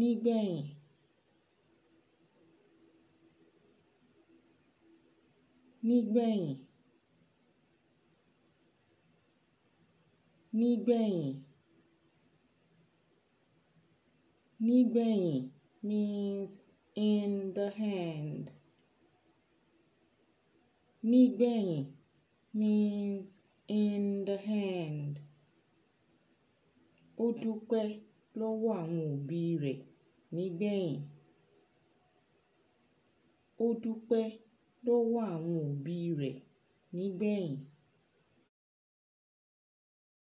nígbẹ̀yìn nígbẹ̀yìn nígbẹ̀yìn nígbẹ̀yìn means in the hand. nígbẹ̀yìn means in the hand. ó dúpẹ́ lọ́wọ́ àwọn òbí rẹ̀ nígbẹ̀yìn. Ó dúpẹ́ lọ́wọ́ àwọn òbí rẹ̀ nígbẹ̀yìn.